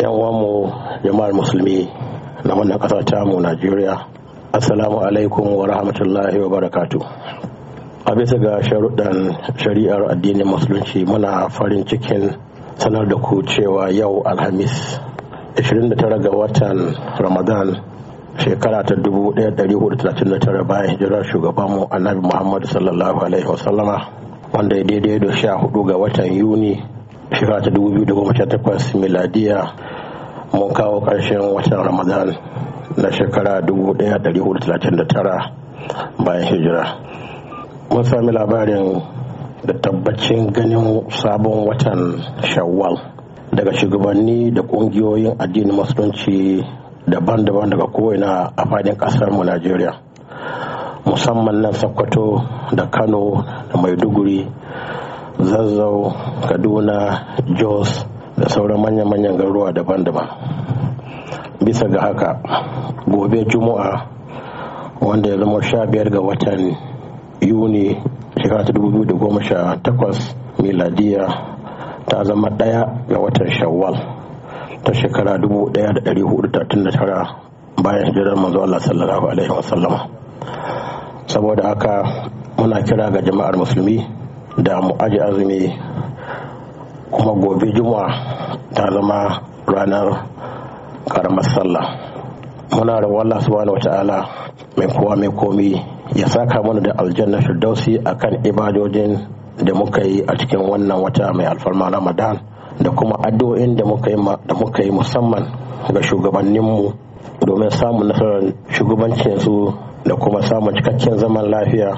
yan uwanmu jama'ar musulmi na wannan ƙasa ta mu Najeriya. Assalamu alaikum wa rahmatullahi wa barakatu. A bisa ga sharuɗan shari'ar addinin musulunci muna farin cikin sanar da ku cewa yau Alhamis 29 ga watan Ramadan shekara ta 1439 bayan hijirar shugabanmu annabi Muhammadu sallallahu alaihi wasallama wanda ya daidai da 14 ga watan Yuni shekara ta 2018 miladiya mun kawo ƙarshen watan ramadan na shekara 1439 bayan hijira mun sami labarin da tabbacin ganin sabon watan shawwal daga shugabanni da ƙungiyoyin addinin musulunci daban-daban daga ko'ina a fadin ƙasarmu najeriya musamman nan sokoto da kano da maiduguri zazzau kaduna jos da sauran manya-manyan garuruwa daban-daban bisa ga haka gobe juma'a wanda ya zama sha biyar ga watan yuni shekara 2018 miladiya ta zama ɗaya ga watan shawwal ta shekara 1439 bayan hijirar manzo Allah sallallahu alaihi wasallama saboda haka muna kira ga jama'ar musulmi da mu aji azumi kuma gobe juma ta zama ranar karamar sallah muna da wallah subhanahu wata'ala mai kowa mai komi ya saka mana da aljanna firdausi kan ibadojin da muka yi a cikin wannan wata mai alfarma ramadan da kuma addu'o'in da muka yi musamman ga shugabanninmu domin samun nasarar shugabancinsu da kuma samun cikakken zaman lafiya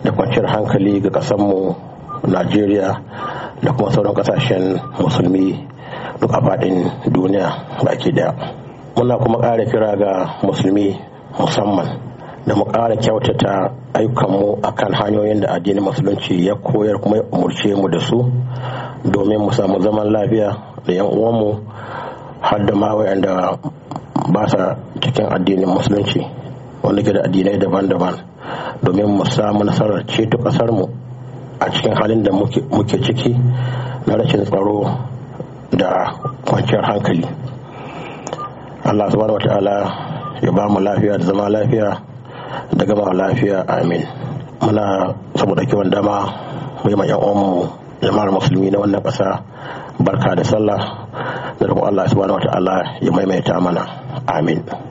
da kwanciyar hankali ga ƙasarmu najeriya da kuma sauran kasashen musulmi duk a faɗin duniya baki daya muna kuma ƙara kira ga musulmi musamman da mu ƙara kyautata ayyukanmu a kan hanyoyin da addinin musulunci ya koyar kuma ya umurce mu da su domin mu samu zaman lafiya da yan uwanmu har da ma wayanda ba sa cikin addinin musulunci wanda ke da addinai daban-daban domin mu samu nasarar ceto kasarmu. a cikin halin da muke ciki na rashin tsaro da kwanciyar hankali allah subhanahu wa ta'ala ya ba mu lafiya da zama lafiya da gama lafiya amin muna saboda kiwon dama mai ma yan uwanmu jama'ar musulmi na wannan ƙasa barka da sallah da roƙon allah subhanahu wa ta'ala ya maimaita mana amin